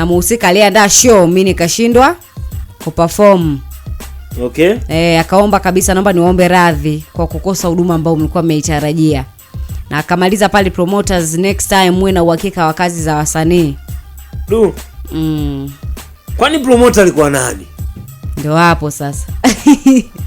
na muhusika aliyeandaa show mimi nikashindwa kuperform. Okay. Eh, akaomba kabisa, naomba niwaombe radhi kwa kukosa huduma ambayo mlikuwa mmeitarajia, na akamaliza pale, promoters, next time muwe na uhakika wa kazi za wasanii. Du. Mm. Kwani promoter alikuwa nani? Ndio hapo sasa.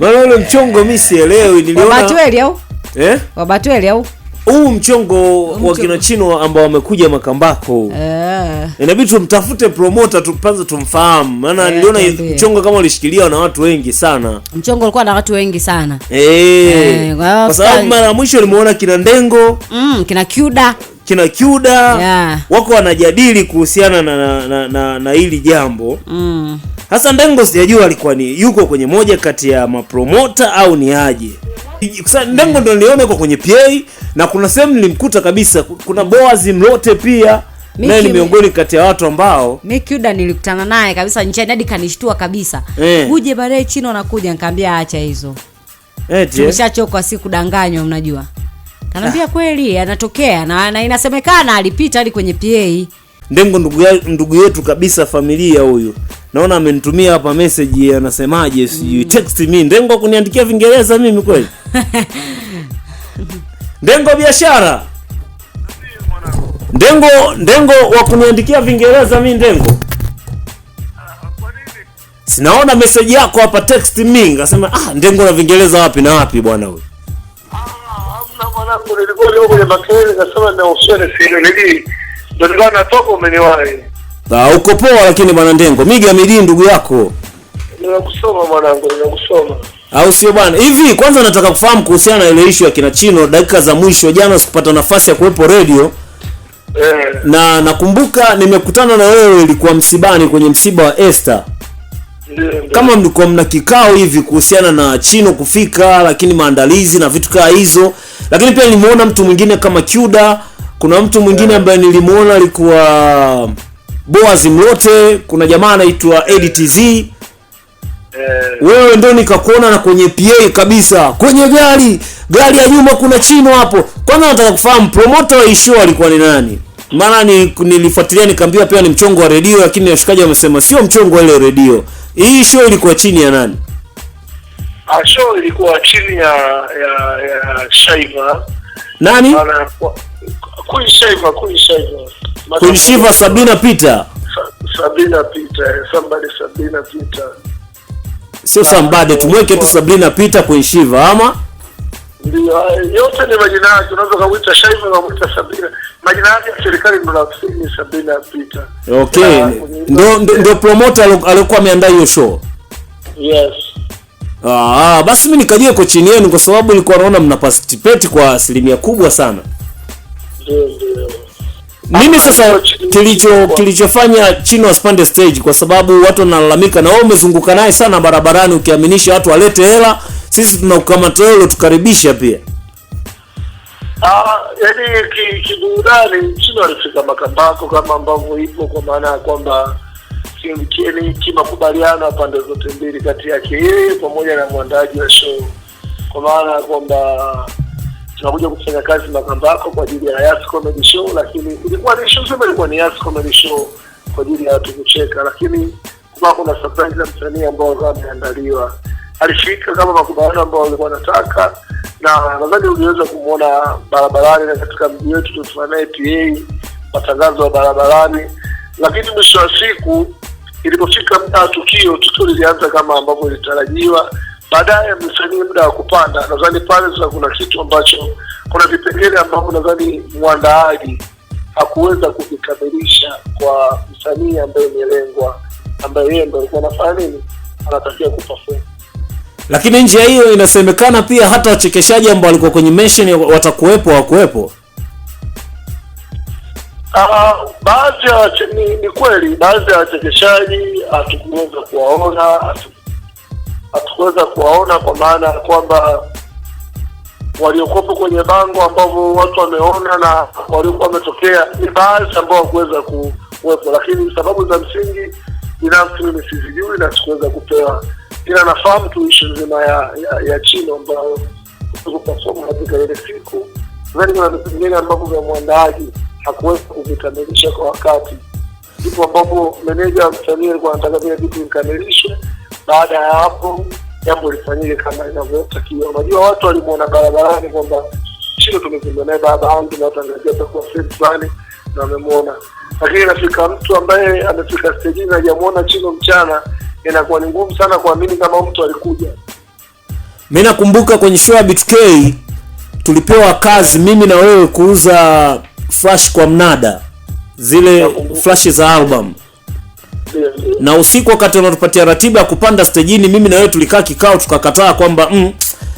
Maana ule mchongo mimi sielewi, niliona Wabatweli au? Eh? Wabatweli au? huu mchongo wa kina Chino ambao wamekuja Makambako yeah. Inabidi tumtafute promoter tupanze tumfahamu, maana eh, niliona mchongo kama ulishikiliwa na watu wengi sana. Mchongo ulikuwa na watu wengi sana eh, Hey, eh, kwa sababu mara mwisho nimeona kina Ndengo mm, kina Kyuda kina Kyuda yeah. Wako wanajadili kuhusiana na na, na, na, na hili jambo mm. Hasa Ndengo sijajua alikuwa ni yuko kwenye moja kati ya mapromota au ni aje Ndengo ndo niliona yuko kwenye PA na kuna sehemu nilimkuta kabisa, kuna Boaz Mlote pia naye ni miongoni kati ya watu ambao Mikuda nilikutana naye kabisa njiani hadi kanishtua kabisa eh. Uje baadaye chino nakuja, nikaambia acha hizo eh, eh. tumeshachoka si kudanganywa, mnajua kanaambia Kweli anatokea na, na inasemekana alipita hadi kwenye PA ndengo ndugu, ya, ndugu yetu kabisa familia huyu. Naona amenitumia hapa message anasemaje sijui mm. Text me Ndengo kuniandikia vingereza mimi kweli? Ndengo biashara. Ndengo Ndengo wa kuniandikia vingereza mimi Ndengo. Sinaona message yako hapa text me ngasema ah Ndengo na vingereza wapi na wapi bwana huyu? Ah, hamna mwanangu nilikuwa leo kwenye bakeri nasema na usere sio nilii ndio nilikuwa natoka, umeniwahi. Ah, uko poa lakini bwana Ndengo, miga midii ndugu yako. Ninakusoma mwanangu, ninakusoma. Au sio bwana? Hivi kwanza nataka kufahamu kuhusiana na ile issue ya kina Chino dakika za mwisho jana sikupata nafasi ya kuwepo radio. Eh. Na nakumbuka nimekutana na wewe ilikuwa msibani kwenye msiba wa Esther. Kama mlikuwa mna kikao hivi kuhusiana na Chino kufika, lakini maandalizi na vitu kama hizo, lakini pia nimeona mtu mwingine kama Kyuda kuna mtu mwingine ambaye nilimuona alikuwa Boaz Mlote, kuna jamaa anaitwa EDTZ. Wewe ndo nikakuona na kwenye PA kabisa, kwenye gari gari ya nyuma, kuna chino hapo. Kwanza nataka kufahamu promoter wa issue alikuwa ni nani? Maana ni nilifuatilia nikaambiwa pia ni mchongo wa redio, lakini washikaji wamesema sio mchongo wa ile redio. Hii show ilikuwa chini ya nani? Ah, show ilikuwa chini ya ya, ya Shaiva. Nani? Maana, Kulishiva, kulishiva. Kulishiva Sabina pita Sabina pita eh, somebody Sabina pita Sio sambade tumweke tu Sabina pita kuishiva ama? Ndio, eh, yote ni majina yake, unaweza kuita Shaiva na kuita Sabina. Majina yake serikali ndo nafikiri Sabina pita Okay, ndo ndo promoter alikuwa ameandaa hiyo show. Yes. Ah, basi mimi nikajiwe kwa chini yenu kwa sababu nilikuwa naona mna participate kwa asilimia kubwa sana. Mimi sasa kilicho kilichofanya Chino asipande stage kwa sababu watu wanalalamika, na wewe umezunguka naye sana barabarani, ukiaminisha watu walete hela, sisi tunakukamata wewe tukaribisha pia. Ah, yani kiburudani ki Chino alifika Makambako kama ambavyo ipo, kwa maana ya kwamba kimkini yaani kimakubaliano pande zote mbili, kati yake yeye pamoja na mwandaji wa show, kwa maana ya kwamba tunakuja kufanya kazi na Kambako kwa ajili ya Yas Comedy Show, lakini ilikuwa ni show zima, ilikuwa ni Yas Comedy Show kwa ajili ya watu kucheka, lakini kuna kuna surprise ya msanii ambao alikuwa ameandaliwa. Alifika kama makubaliano ambao walikuwa wanataka, na nadhani uliweza kumwona barabarani na katika mji wetu tulifanya naye PA matangazo ya barabarani, lakini mwisho wa siku ilipofika muda wa tukio, tukio lilianza kama ambavyo ilitarajiwa baadaye msanii muda wa kupanda. Nadhani pale sasa kuna kitu ambacho, kuna vipengele ambavyo nadhani mwandaaji hakuweza kuvikamilisha kwa msanii ambaye imelengwa, ambaye yeye ndo alikuwa anafanya nini, anatakiwa kuperform. Lakini nje ya hiyo, inasemekana pia hata wachekeshaji ambao walikuwa kwenye mesheni watakuwepo, wakuwepo Uh, ah, baadhi ya ni, ni kweli baadhi ya wachekeshaji hatukuweza kuwaona, hatu hatukuweza kuwaona kwa maana ya kwamba waliokopo kwenye bango ambao watu wameona na waliokuwa wametokea ni baadhi ambao wakuweza kuwepo, lakini sababu za msingi binafsi mimi sizijui na sikuweza kupewa, ila nafahamu tu ishu nzima ya, ya, ya Chino ambayo kupasoma katika ile siku. Nadhani kuna vitu vingine ambavyo vya mwandaaji hakuweza kuvikamilisha kwa wakati, ndipo ambapo meneja wa msanii alikuwa anataka vile vitu vikamilishwe baada ya hapo jambo lifanyike kama inavyotakiwa. Unajua, watu walimwona barabarani kwamba chino tumezimba naye baba yangu na atakuwa sehemu fulani na wamemwona, lakini inafika mtu ambaye amefika stejini hajamwona chino mchana, inakuwa ni ngumu sana kuamini kama mtu alikuja. Mi nakumbuka kwenye show ya BTK tulipewa kazi mimi na wewe kuuza flash kwa mnada, zile flashi za album na usiku wakati wanatupatia ratiba ya kupanda stejini, mimi na wewe tulikaa kikao tukakataa kwamba mm,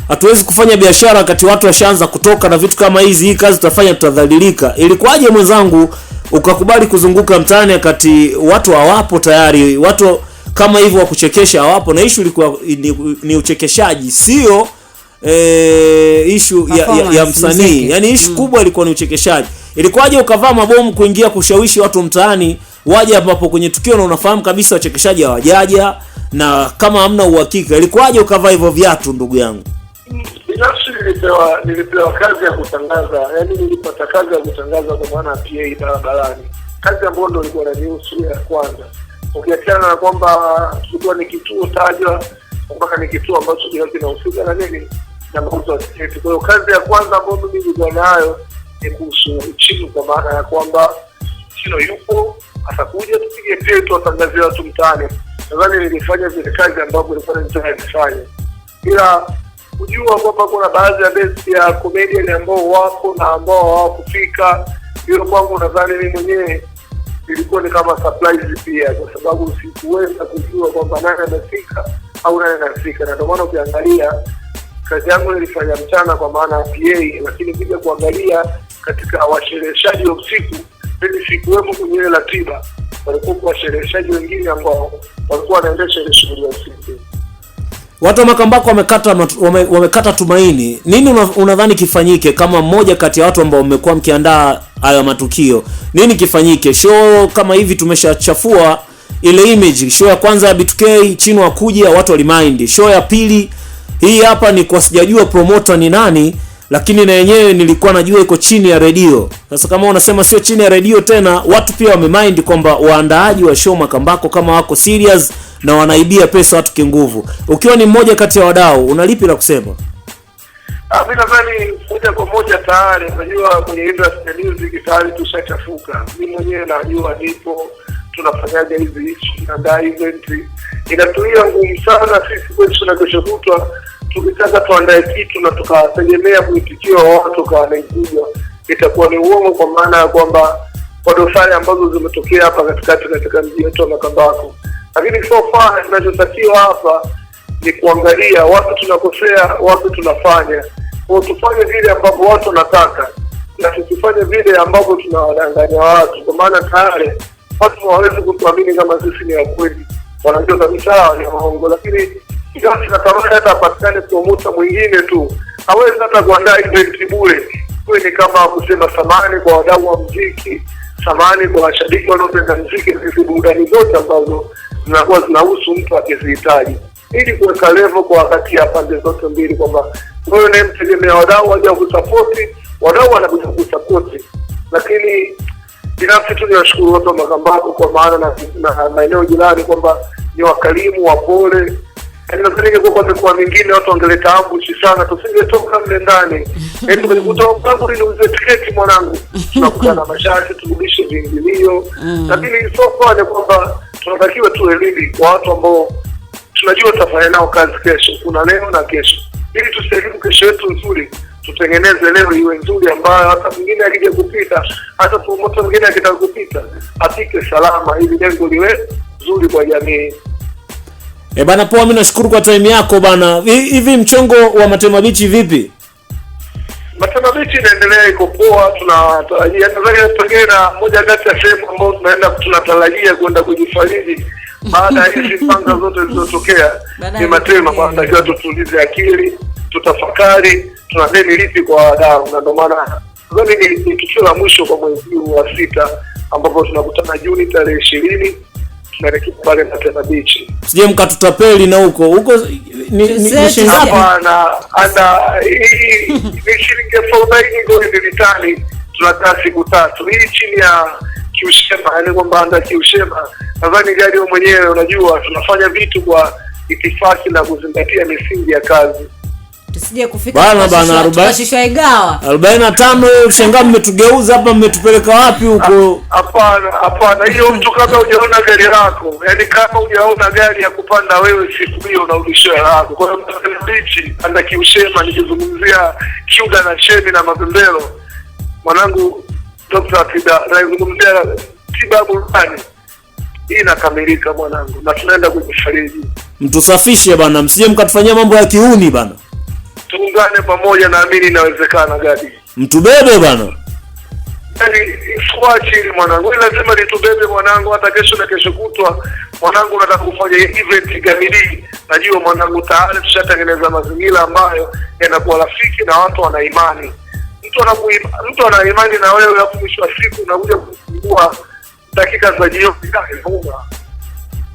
hatuwezi kufanya biashara wakati watu washaanza kutoka na vitu kama hizi. Hii kazi tutafanya tutadhalilika. Ilikuwaje mwenzangu ukakubali kuzunguka mtaani wakati watu hawapo tayari? Watu kama hivyo wa kuchekesha hawapo, na issue ilikuwa ni, ni uchekeshaji, sio e, issue ya, ya, ya msanii. yaani issue mm, kubwa ilikuwa ni uchekeshaji. Ilikuwaje ukavaa mabomu kuingia kushawishi watu mtaani? waje hapo kwenye tukio na unafahamu kabisa wachekeshaji hawajaja na kama hamna uhakika, ilikuwaje ukavaa hivyo viatu ndugu yangu? Binafsi nilipewa nilipewa kazi ya kutangaza, yaani nilipata kazi ya kutangaza kwa maana PA barabarani, kazi ambayo ndio ilikuwa nanihusu ya kwanza, ukiachana na kwamba kilikuwa ni kituo tajwa mpaka ni kituo ambacho jiraki kinahusika na nini na mauzo ya Kwa hiyo kazi ya kwanza ambayo mimi nilikuwa nayo ni kuhusu uchini, kwa maana ya kwamba Chino yupo atakuja tupige pia tuwatangazie watu mtaani. Nadhani nilifanya zile kazi ambavyo nilikuwa mtu nifanye, ila kujua kwamba kuna baadhi ya besi ya komedian ambao wako na ambao hawakufika, hiyo kwangu nadhani mi mwenyewe ilikuwa ni kama surprise pia, kwa sababu sikuweza kujua kwamba nani anafika au nani anafika, na ndio maana ukiangalia kazi yangu nilifanya mchana kwa maana ya PA, lakini kija kuangalia katika washereheshaji wa usiku mimi sikuwemo kwenye ile ratiba, walikuwa washereheshaji wengine ambao walikuwa wanaendesha ile shughuli ya ofisi. Watu wa Makambako wamekata wame, wamekata tumaini. Nini unadhani kifanyike kama mmoja kati ya watu ambao mmekuwa mkiandaa haya matukio? Nini kifanyike? Show kama hivi tumeshachafua ile image. Show ya kwanza ya B2K Chino akuja watu walimind. Show ya pili hii hapa ni kwa sijajua promoter ni nani lakini na yenyewe nilikuwa najua iko chini ya redio. Sasa kama unasema sio chini ya redio tena, watu pia wamemind kwamba waandaaji wa show Makambako kama wako serious na wanaibia pesa watu kinguvu. Ukiwa ni mmoja kati ya wadau, unalipi la kusema? Ah, mimi nadhani moja kwa moja tayari, unajua kwenye industry ya music tayari tushachafuka. Mimi mwenyewe najua nipo tunafanyaje hizi hichi na event inatuia ngumu sana sisi kwetu tunachoshutwa tukitaka tuandae kitu na tukategemea kuitikiwa wa watu kwa wananchi, itakuwa ni uongo, kwa maana ya kwamba kwa dosari ambazo zimetokea hapa katikati katika mji wetu wa Makambako. Lakini so far tunachotakiwa hapa ni kuangalia watu tunakosea, watu tunafanya, kwa tufanye vile ambavyo watu wanataka na tusifanye vile ambavyo tunawadanganya watu, kwa maana tayari watu hawawezi kutuamini kama sisi ni wakweli, wanajua kabisa ni waongo, lakini basi yaani natamani hata apatikane promoter mwingine tu, hawezi hata kuandaa event bure, kuwe ni kama kusema samani kwa wadau wa muziki, samani kwa washabiki wanaopenda muziki na hizi burudani zote ambazo zinakuwa zinahusu mtu akizihitaji, ili kuweka level kwa wakati ya pande zote mbili, kwamba wewe unayemtegemea wadau waja kusapoti, wadau wanakuja kusapoti, lakini binafsi tu niwashukuru watu wa Makambako kwa maana na maeneo jirani kwamba ni wakarimu, wapole Yaani nafikiri ingekuwa kwa mingine watu wangeleta ambushi sana, tusingetoka mle ndani. Yaani tumekuta mpango ni uze tiketi mwanangu. Tunakutana mashati, turudishe viingilio. Mm. Lakini sofa ni kwamba tunatakiwa tu elimu kwa watu ambao tunajua tutafanya nao kazi kesho. Kuna leo na kesho. Ili tuselimu kesho yetu nzuri tutengeneze leo iwe nzuri, ambayo hata mwingine akija kupita, hata promoter mwingine akitaka kupita, apite salama, ili lengo liwe zuri kwa jamii. E bana, poa. Mimi nashukuru kwa time yako bana. Hivi mchongo wa Matema Beach vipi? Matema Beach inaendelea iko poa, tunatarajia pengine na moja kati ya sehemu ambayo tunaenda tunatarajia kwenda kujifariji baada ya hizi panga zote zilizotokea ni Matema, tunatakiwa tutulize akili, tutafakari tuna deni lipi kwa wadau, na ndio maana nadhani ni tukio la mwisho kwa mwezi wa sita ambapo tunakutana Juni tarehe ishirini tunaelekea pale Mbagala Beach. Sije mkatutapeli na huko huko ni shilingi hapana, ana ni shilingi elfu arobaini goldi vitani, tunakaa siku tatu hii chini ya kiushema, yaani kwamba anda kiushema. Nadhani gari mwenyewe, unajua tunafanya vitu kwa itifaki na kuzingatia misingi ya kazi tusije kufika bana bana 40 45 shangaa, mmetugeuza hapa, mmetupeleka wapi huko? Hapana, hapana, hiyo mtu kama hujaona gari lako, yani kama hujaona gari ya kupanda wewe siku hiyo lako. Kwa hiyo kiushema, nikizungumzia na na mapembelo, mwanangu Dr. naizungumzia tiba burudani inakamilika mwanangu, na tunaenda Mtusafishe bana, msije mkatufanyia mambo ya kiuni bana tuungane pamoja, naamini inawezekana. Gadi mtubebe bwana, yani sikuwa chini mwanangu, lazima nitubebe mwanangu, hata kesho na kesho kutwa mwanangu. Nataka kufanya event kamili, najua mwanangu tayari tushatengeneza mazingira ambayo yanakuwa rafiki na watu wana imani. Mtu ana mtu ana imani na wewe, alafu mwisho wa siku unakuja kufungua dakika za jioni. ya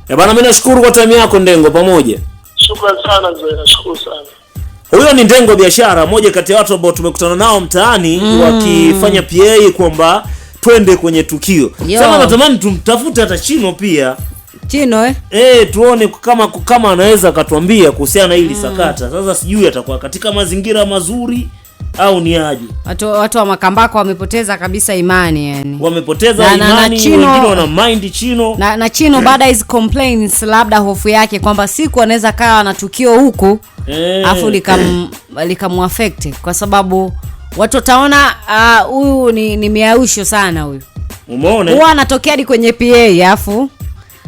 e bana. mimi nashukuru kwa time yako Ndengo, pamoja. Shukrani sana Zoe, nashukuru sana. Huyo ni Ndengo Biashara, moja kati ya watu ambao tumekutana nao mtaani mm. wakifanya PA kwamba twende kwenye tukio. Sasa natamani tumtafute hata Chino pia Chino eh? Eh, tuone kama kama anaweza akatuambia kuhusiana na hili mm. sakata. Sasa sijui atakuwa katika mazingira mazuri au ni aje? Watu, watu wa Makambako wamepoteza kabisa imani yani. Wamepoteza na, imani na, na Chino, wengine wana mind Chino na, na Chino eh. baada hizi complaints, labda hofu yake kwamba siku anaweza kawa na tukio huku eh. afu likam eh. likamwaffect kwa sababu watu wataona ah, huyu uh, ni, ni miausho sana huyu. Umeona? Huwa anatokea hadi kwenye PA afu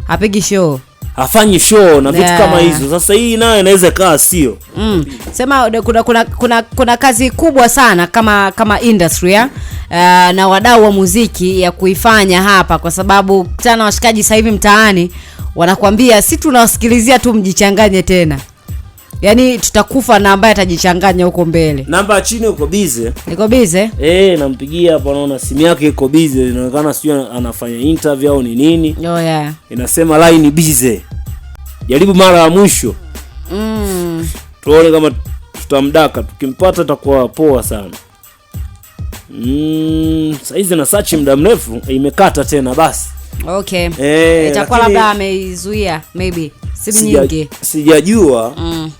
apigi show afanye show na vitu yeah, kama hizo. Sasa hii nayo inaweza ikawa sio mm. Sema kuna, kuna, kuna, kuna kazi kubwa sana kama kama industry ya uh, na wadau wa muziki ya kuifanya hapa, kwa sababu kutana washikaji sasa hivi mtaani wanakwambia si tunawasikilizia tu, mjichanganye tena Yaani tutakufa na ambaye atajichanganya huko mbele. Namba ya chini uko bize. Niko bize? Eh, nampigia hapo naona simu yake iko bize, inaonekana sio anafanya interview au ni nini. Oh yeah. Inasema line bize. Jaribu mara ya mwisho. Mm. Tuone kama tutamdaka, tukimpata takuwa poa sana. Mm, saizi na search muda mrefu eh, imekata tena basi. Okay. Eh, Itakuwa labda ameizuia maybe simu nyingi. Sijajua. Mm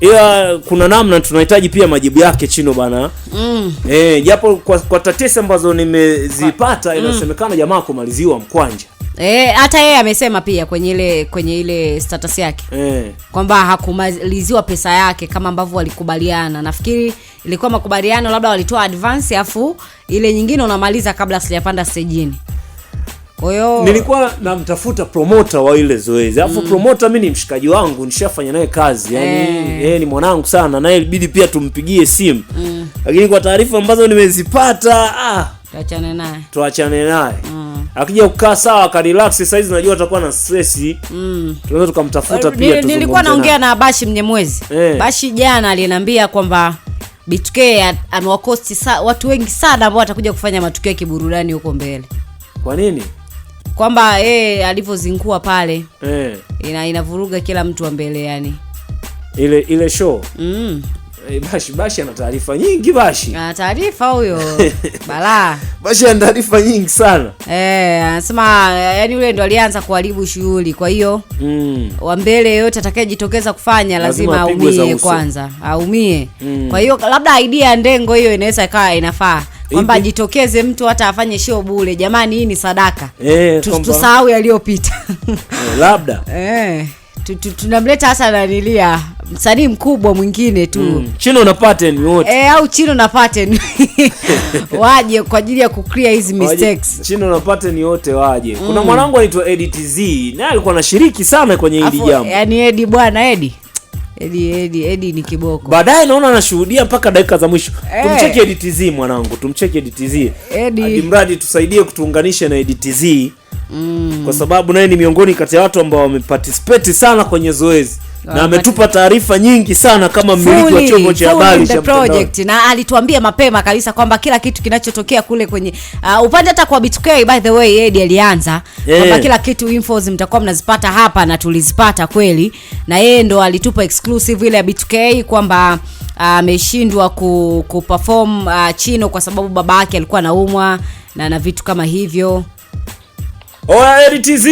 ila kuna namna tunahitaji pia majibu yake Chino bana mm. E, japo kwa, kwa tatesi ambazo nimezipata mm. inasemekana mm. jamaa kumaliziwa mkwanja eh, hata e, yeye amesema pia kwenye ile kwenye ile status yake e, kwamba hakumaliziwa pesa yake kama ambavyo walikubaliana. Nafikiri ilikuwa makubaliano, labda walitoa advance afu ile nyingine unamaliza kabla sijapanda stejini. Oyo. Nilikuwa namtafuta promoter wa ile zoezi alafu mm. Promoter mimi ni mshikaji wangu nishafanya naye kazi yani, hey. Eh. Hey, ni mwanangu sana naye ilibidi pia tumpigie simu mm. Lakini kwa taarifa ambazo nimezipata ah, tuachane naye tuachane naye mm. Akija kukaa sawa akarelax sasa hizi najua atakuwa na stress mm. Tunaweza tukamtafuta pia. Nilikuwa naongea na Bashi Mnyemwezi hey. Eh. Bashi jana aliniambia kwamba BTK amewakosti watu wengi sana ambao watakuja kufanya matukio ya kiburudani huko mbele. Kwa nini? kwamba yeye eh, alivyozingua pale eh, ina inavuruga kila mtu wa mbele yani ile ile show mm. Eh, Bashi Bashi ana taarifa nyingi. Bashi ana taarifa huyo Bala. Bashi ana taarifa nyingi sana eh, anasema yani yule ndo alianza kuharibu shughuli, kwa hiyo mm. wa mbele yote atakayejitokeza kufanya lazima, lazima aumie kwanza, aumie mm. kwa hiyo labda idea ya ndengo hiyo inaweza ikawa inafaa kwamba jitokeze mtu hata afanye show bure. Jamani, hii ni sadaka e, tusahau yaliyopita e, labda e, tunamleta hasa nanilia msanii mkubwa mwingine tu mm. Chino na pattern wote e, au Chino na pattern waje kwa ajili ya ku clear hizi mistakes. Chino na pattern wote waje. Kuna mm. mwanangu anaitwa Eddie Z naye alikuwa anashiriki sana kwenye hili jambo, yani Eddie bwana Eddie Edi, Edi, Edi ni kiboko. Baadaye naona anashuhudia mpaka dakika za mwisho. Hey. Eh. Tumcheke Edi mwanangu, tumcheki Edi Edi mradi tusaidie kutuunganisha na Edi Mm. Kwa sababu naye ni miongoni kati ya watu ambao wameparticipate sana kwenye zoezi Ah, na ametupa taarifa nyingi sana kama mmiliki wa chombo cha habari cha project, na alituambia mapema kabisa kwamba kila kitu kinachotokea kule kwenye uh, upande hata kwa BTK by the way yeye ndiye alianza yeah, kwamba kila kitu infos mtakuwa mnazipata hapa na tulizipata kweli, na yeye ndo alitupa exclusive ile ya BTK kwamba ah, ameshindwa uh, ku, perform uh, Chino kwa sababu baba yake alikuwa anaumwa na na vitu kama hivyo. Oya, RTZ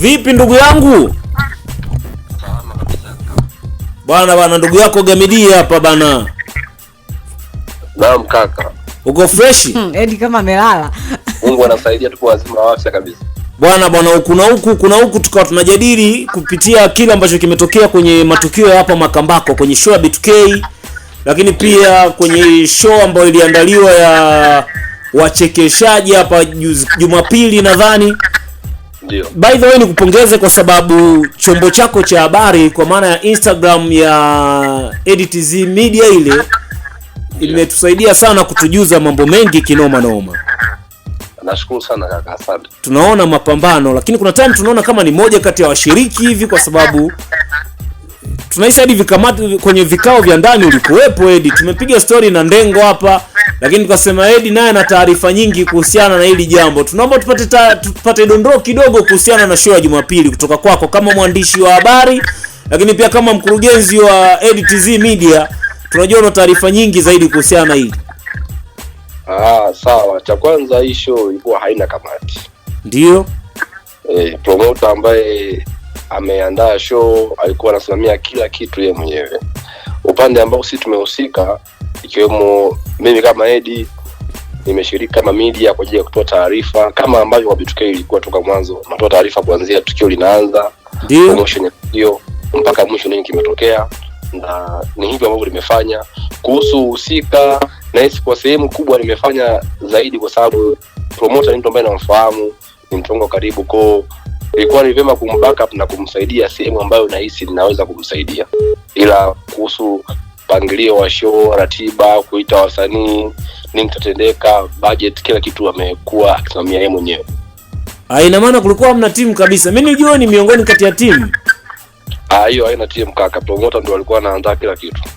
Vipi ndugu yangu? Bwana bwana, ndugu yako Gamidi hapa bana. Naam kaka. Uko fresh? Hmm, Edi kama amelala. Mungu anasaidia tuko wazima wa afya kabisa. Bwana bwana, kuna huku kuna huku tukawa tunajadili kupitia kile ambacho kimetokea kwenye matukio ya hapa Makambako kwenye show ya BTK lakini pia kwenye show ambayo iliandaliwa ya wachekeshaji hapa Jumapili nadhani ndio. By the way nikupongeze kwa sababu chombo chako cha habari kwa maana ya Instagram ya EDTZ Media ile imetusaidia sana kutujuza mambo mengi kinoma noma. Nashukuru sana kaka, asante. Tunaona mapambano lakini kuna time tunaona kama ni moja kati ya washiriki hivi kwa sababu tunaishi hadi vikamati kwenye vikao vya ndani ulikuwepo Edi, tumepiga story na Ndengo hapa lakini tukasema Edi naye ana taarifa nyingi kuhusiana na hili jambo. Tunaomba tupate ta, tupate dondoo kidogo kuhusiana na show ya Jumapili kutoka kwako kama mwandishi wa habari, lakini pia kama mkurugenzi wa EDTZ Media. Tunajua una taarifa nyingi zaidi kuhusiana na hili. Ah, sawa. Cha kwanza hii show ilikuwa haina kamati, ndio Eh, promoter ambaye ameandaa show alikuwa anasimamia kila kitu yeye mwenyewe upande ambao sisi tumehusika, ikiwemo mimi kama Edi nimeshiriki kama media kwa ajili ya kutoa taarifa kama ambavyo kwa b ilikuwa toka mwanzo, natoa taarifa kuanzia tukio linaanza, promotion mpaka mwisho, nini kimetokea, na ni hivyo ambavyo limefanya kuhusu husika. Nahisi kwa sehemu kubwa nimefanya zaidi, kwa sababu promoter ni mtu ambaye namfahamu, ni mtongo karibu, kwa ilikuwa ni vyema kumbackup na kumsaidia sehemu ambayo nahisi ninaweza kumsaidia ila kuhusu mpangilio wa show, ratiba, kuita wasanii, nini kitatendeka, budget, kila kitu amekuwa akisimamia yeye mwenyewe. Ah, ina maana kulikuwa hamna timu kabisa. Mimi nijua ni miongoni kati ya timu ah, hiyo. Haina timu kaka, promota ndio alikuwa anaandaa kila kitu.